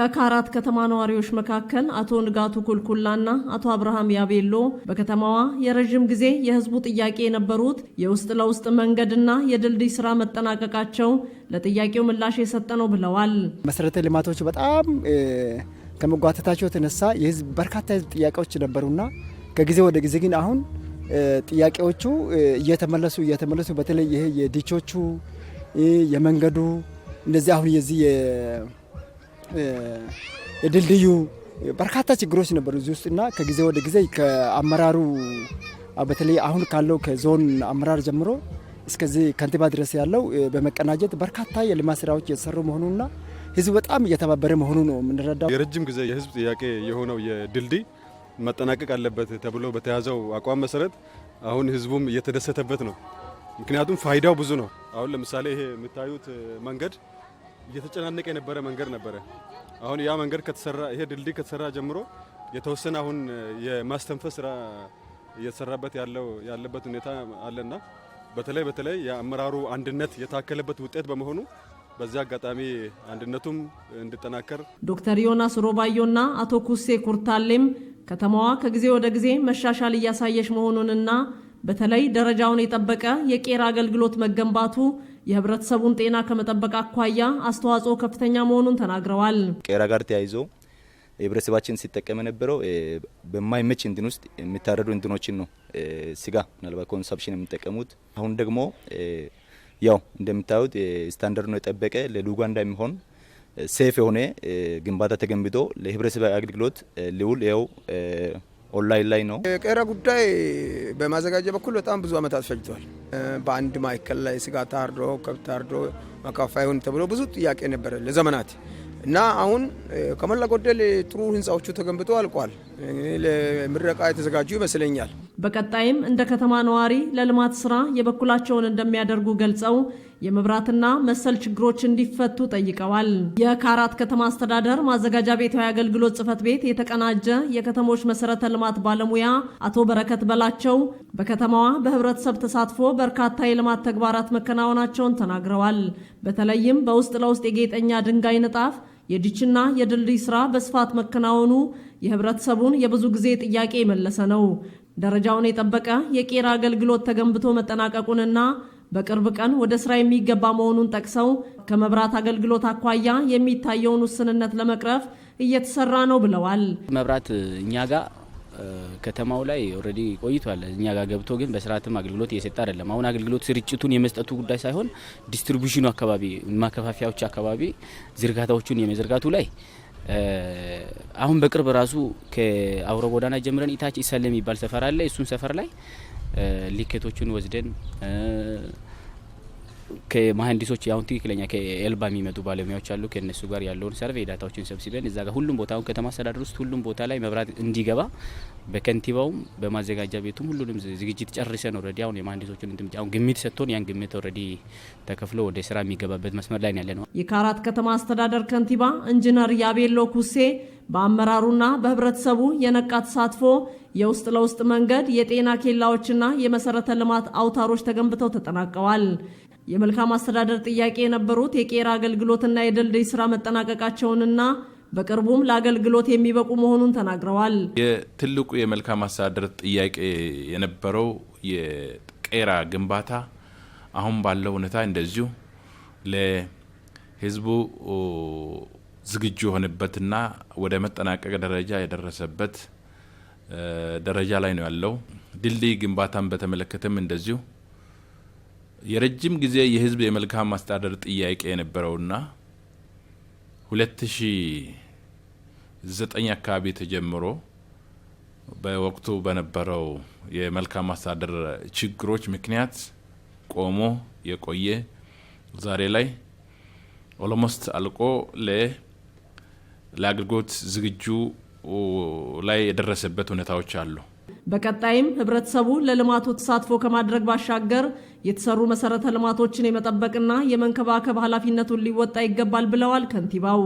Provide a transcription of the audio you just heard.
ከካራት ከተማ ነዋሪዎች መካከል አቶ ንጋቱ ኩልኩላና አቶ አብርሃም ያቤሎ በከተማዋ የረዥም ጊዜ የህዝቡ ጥያቄ የነበሩት የውስጥ ለውስጥ መንገድና የድልድይ ስራ መጠናቀቃቸው ለጥያቄው ምላሽ የሰጠ ነው ብለዋል። መሰረተ ልማቶች በጣም ከመጓተታቸው የተነሳ የህዝብ በርካታ የህዝብ ጥያቄዎች ነበሩና ከጊዜ ወደ ጊዜ ግን አሁን ጥያቄዎቹ እየተመለሱ እየተመለሱ በተለይ ይሄ የዲቾቹ የመንገዱ እንደዚህ አሁን የዚህ የድልድዩ በርካታ ችግሮች ነበሩ እዚህ ውስጥ እና ከጊዜ ወደ ጊዜ ከአመራሩ በተለይ አሁን ካለው ከዞን አመራር ጀምሮ እስከዚህ ከንቲባ ድረስ ያለው በመቀናጀት በርካታ የልማት ስራዎች የተሰሩ መሆኑና ህዝቡ በጣም እየተባበረ መሆኑ ነው የምንረዳው። የረጅም ጊዜ የህዝብ ጥያቄ የሆነው የድልድይ መጠናቀቅ አለበት ተብሎ በተያዘው አቋም መሰረት አሁን ህዝቡም እየተደሰተበት ነው። ምክንያቱም ፋይዳው ብዙ ነው። አሁን ለምሳሌ ይሄ የምታዩት መንገድ እየተጨናነቀ የነበረ መንገድ ነበረ። አሁን ያ መንገድ ከተሰራ ይሄ ድልድይ ከተሰራ ጀምሮ የተወሰነ አሁን የማስተንፈስ ስራ እየተሰራበት ያለው ያለበት ሁኔታ አለና በተለይ በተለይ የአመራሩ አንድነት የታከለበት ውጤት በመሆኑ በዚህ አጋጣሚ አንድነቱም እንዲጠናከር ዶክተር ዮናስ ሮባዮና አቶ ኩሴ ኩርታሌም ከተማዋ ከጊዜ ወደ ጊዜ መሻሻል እያሳየች መሆኑንና በተለይ ደረጃውን የጠበቀ የቄራ አገልግሎት መገንባቱ የህብረተሰቡን ጤና ከመጠበቅ አኳያ አስተዋጽኦ ከፍተኛ መሆኑን ተናግረዋል። ቄራ ጋር ተያይዞ ህብረተሰባችን ሲጠቀም የነበረው በማይመች እንትን ውስጥ የሚታረዱ እንትኖችን ነው። ስጋ ምናልባት ኮንሰፕሽን የሚጠቀሙት አሁን ደግሞ ያው እንደምታዩት ስታንዳርድ ነው የጠበቀ ለሉጋንዳ የሚሆን ሴፍ የሆነ ግንባታ ተገንብቶ ለህብረተሰብ አገልግሎት ሊውል ያው ኦንላይን ላይ ነው። የቀረ ጉዳይ በማዘጋጀ በኩል በጣም ብዙ ዓመታት ፈጅቷል። በአንድ ማዕከል ላይ ስጋ ታርዶ ከብት ታርዶ መካፋ ይሁን ተብሎ ብዙ ጥያቄ ነበረ ለዘመናት እና አሁን ከሞላ ጎደል ጥሩ ህንፃዎቹ ተገንብቶ አልቋል። ለምረቃ የተዘጋጁ ይመስለኛል። በቀጣይም እንደ ከተማ ነዋሪ ለልማት ስራ የበኩላቸውን እንደሚያደርጉ ገልጸው የመብራትና መሰል ችግሮች እንዲፈቱ ጠይቀዋል። የካራት ከተማ አስተዳደር ማዘጋጃ ቤታዊ አገልግሎት ጽህፈት ቤት የተቀናጀ የከተሞች መሰረተ ልማት ባለሙያ አቶ በረከት በላቸው በከተማዋ በህብረተሰብ ተሳትፎ በርካታ የልማት ተግባራት መከናወናቸውን ተናግረዋል። በተለይም በውስጥ ለውስጥ የጌጠኛ ድንጋይ ንጣፍ የዲችና የድልድይ ስራ በስፋት መከናወኑ የህብረተሰቡን የብዙ ጊዜ ጥያቄ የመለሰ ነው። ደረጃውን የጠበቀ የቄራ አገልግሎት ተገንብቶ መጠናቀቁንና በቅርብ ቀን ወደ ስራ የሚገባ መሆኑን ጠቅሰው ከመብራት አገልግሎት አኳያ የሚታየውን ውስንነት ለመቅረፍ እየተሰራ ነው ብለዋል። መብራት እኛ ጋር ከተማው ላይ ኦልሬዲ ቆይቷል። እኛ ጋር ገብቶ ግን በስርዓትም አገልግሎት እየሰጠ አይደለም። አሁን አገልግሎት ስርጭቱን የመስጠቱ ጉዳይ ሳይሆን ዲስትሪቡሽኑ አካባቢ፣ ማከፋፊያዎች አካባቢ ዝርጋታዎቹን የመዘርጋቱ ላይ አሁን በቅርብ ራሱ ከአውሮ ጎዳና ጀምረን ኢታች ኢሰለም የሚባል ሰፈር አለ። እሱን ሰፈር ላይ ሊኬቶቹን ወስደን ከመሀንዲሶች አሁን ትክክለኛ ከኤልባ የሚመጡ ባለሙያዎች አሉ። ከእነሱ ጋር ያለውን ሰርቬ ዳታዎችን ሰብስበን እዛ ጋር ሁሉም ቦታ አሁን ከተማ አስተዳደር ውስጥ ሁሉም ቦታ ላይ መብራት እንዲገባ በከንቲባውም በማዘጋጃ ቤቱም ሁሉንም ዝግጅት ጨርሰን ኦልሬዲ አሁን የመሀንዲሶቹን እንትን አሁን ግምት ሰጥቶን ያን ግምት ኦልሬዲ ተከፍሎ ወደ ስራ የሚገባበት መስመር ላይ ያለ ነው። የካራት ከተማ አስተዳደር ከንቲባ ኢንጂነር ያቤሎ ኩሴ በአመራሩና በህብረተሰቡ የነቃ ተሳትፎ የውስጥ ለውስጥ መንገድ፣ የጤና ኬላዎችና የመሰረተ ልማት አውታሮች ተገንብተው ተጠናቀዋል። የመልካም አስተዳደር ጥያቄ የነበሩት የቄራ አገልግሎትና የደልደይ ስራ መጠናቀቃቸውንና በቅርቡም ለአገልግሎት የሚበቁ መሆኑን ተናግረዋል። የትልቁ የመልካም አስተዳደር ጥያቄ የነበረው የቄራ ግንባታ አሁን ባለው ሁኔታ እንደዚሁ ለህዝቡ ዝግጁ የሆነበትና ወደ መጠናቀቅ ደረጃ የደረሰበት ደረጃ ላይ ነው ያለው። ድልድይ ግንባታን በተመለከተም እንደዚሁ የረጅም ጊዜ የህዝብ የመልካም ማስተዳደር ጥያቄ የነበረውና ሁለት ሺ ዘጠኝ አካባቢ ተጀምሮ በወቅቱ በነበረው የመልካም ማስተዳደር ችግሮች ምክንያት ቆሞ የቆየ ዛሬ ላይ ኦሎሞስት አልቆ ለአገልግሎት ዝግጁ ላይ የደረሰበት ሁኔታዎች አሉ። በቀጣይም ህብረተሰቡ ለልማቱ ተሳትፎ ከማድረግ ባሻገር የተሰሩ መሰረተ ልማቶችን የመጠበቅና የመንከባከብ ኃላፊነቱን ሊወጣ ይገባል ብለዋል ከንቲባው።